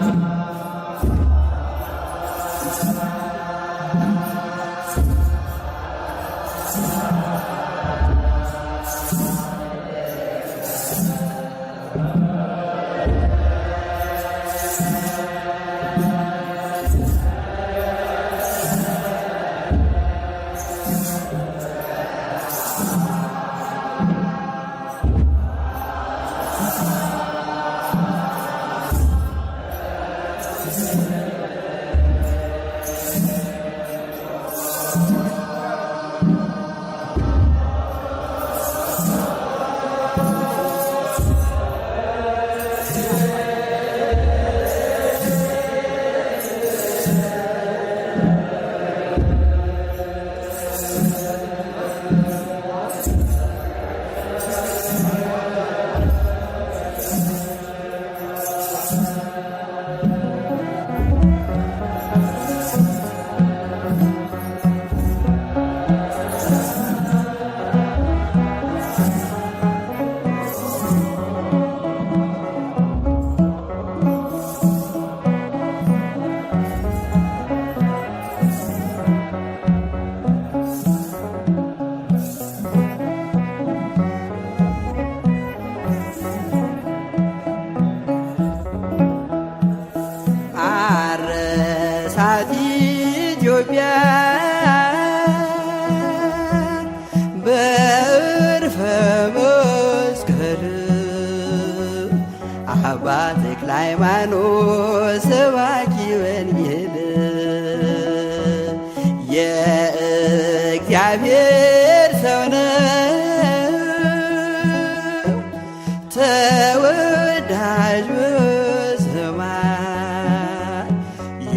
Thank you. ለሃይማኖት ሰባኪ ወንጌል የእግዚአብሔር ሰው ነው ተወዳጅ በሰማይ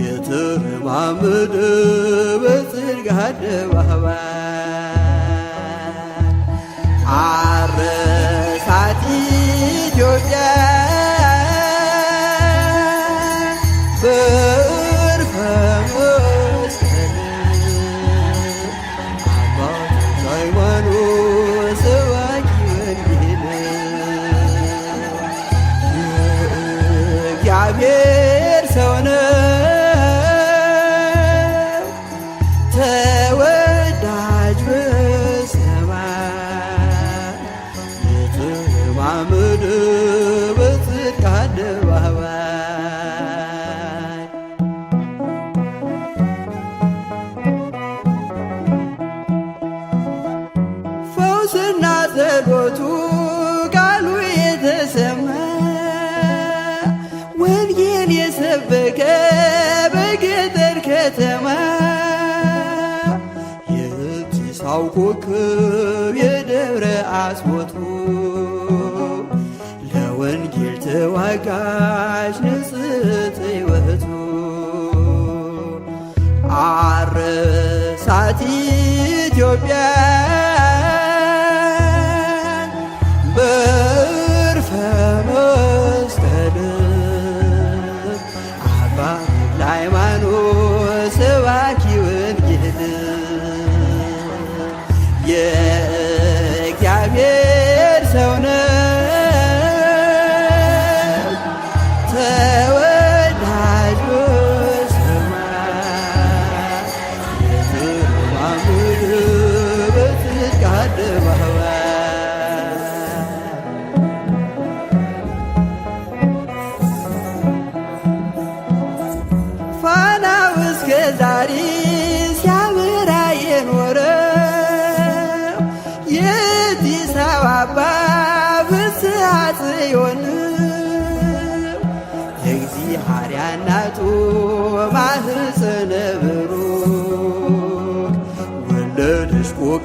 የተረማመደ በጽድቅ አደባባይ ምድር በጽድቅ አደባባይ ፈውስና ጸሎቱ ቃሉ የተሰማ ወንጌል የሰበከ በገጠር ከተማ የጢሳው ኮከብ የደብረ አጽቦቱ ወንጌል ተዋጋሽ ንጽሕት ሕይወቱ አረሳት ኢትዮጵያ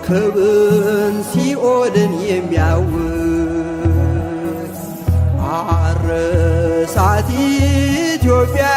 ኮከብን ሲኦልን የሚያውስ አረሳት ኢትዮጵያ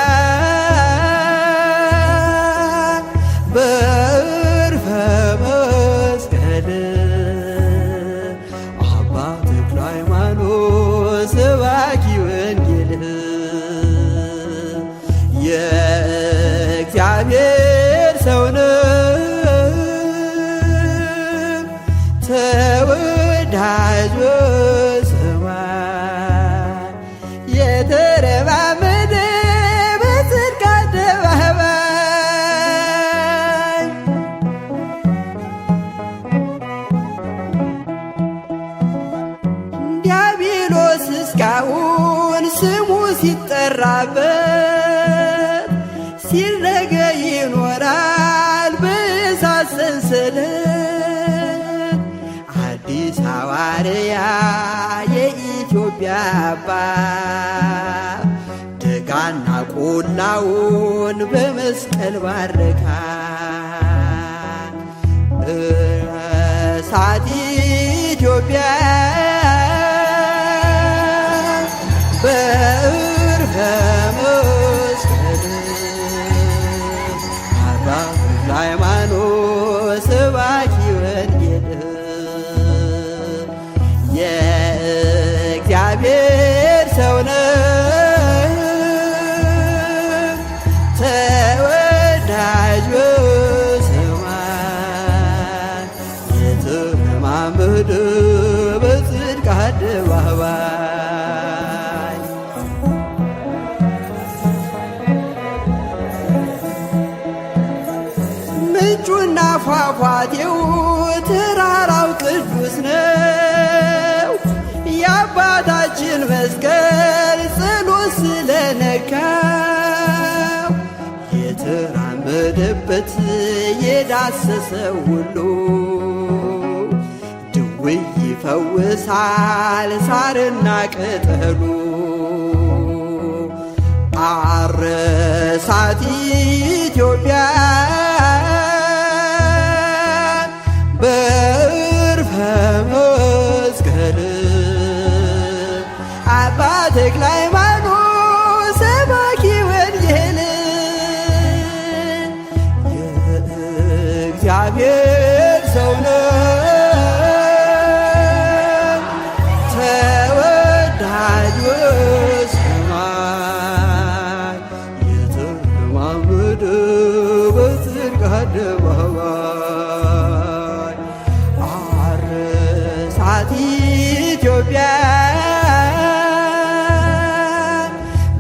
ሲሰራበት ሲረገ ይኖራል በእሳት ሰንሰለት አዲስ ሐዋርያ የኢትዮጵያ አባት ደጋና ቆላውን በመስቀል ባረካ እሳት ኢትዮጵያ እግዚአብሔር ሰው ነው ተወዳጅ በሰማይ የተማመደ በጽድቅ አደባባይ ምንጩና ፏፏቴው የነካው የተራመደበት የዳሰሰ ሁሉ ድውይ ይፈውሳል ሳርና ቅጠሉ አረሳት ኢትዮጵያ ወረዱ በጽድቅ አደባባይ አረሳት ኢትዮጵያ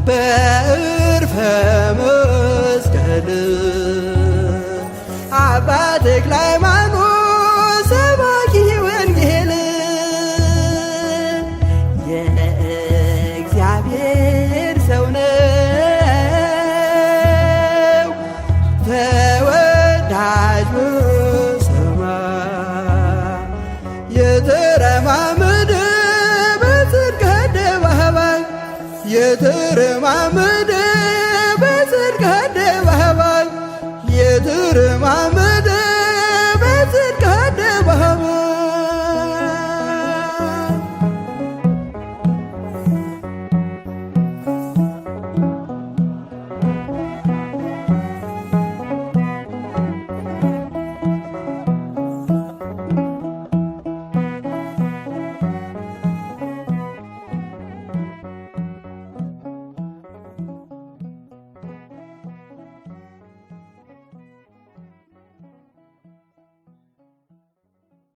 በእርፈ መስቀል አባ ተክለ ወዳጅ በሰማ የተረማመደ በጽድቅ አደባባይ የተረማመደ